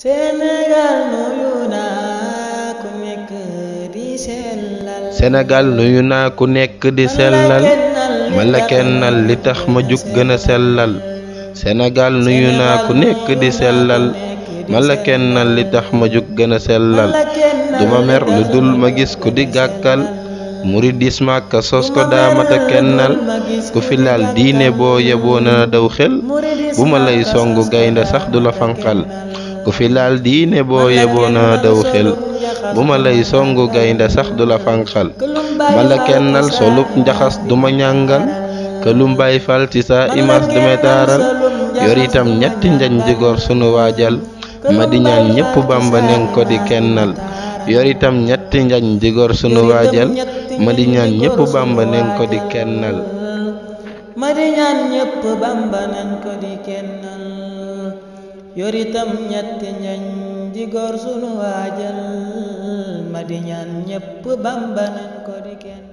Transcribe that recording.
Sénégal nuyu naa ku nekk di sellal Sénégal nuyu naa ku nekk di sellal ma la kennal li tax ma jug gën a sellal Sénégal nuyu naa ku nekk di sellal ma la kennal li tax ma jug gëna sellal duma mer lu dul ma gis ku di gàkkal muridisme ak sos ko daamata kennal ku fi laal diine boo yeboo na daw xel bu ma lay songu gaynde sax du la fanqal ku fi laal diine boo yeboona daw xel bu ma lay songu gaynde sax du la fanqal bala kennal solub njaxas du ma ñàngal këlum bay fal ci sa image du ma taaral yor itam ñetti njañ jigoor sunu waajal ma di ñaan ñépp bamba neng ko ñetti njañ sunu waajal ma di ko di kennal yoritam ñetti ñañ di góor sunu waajal ma di ñaan ñépp bamba nan ko di kenn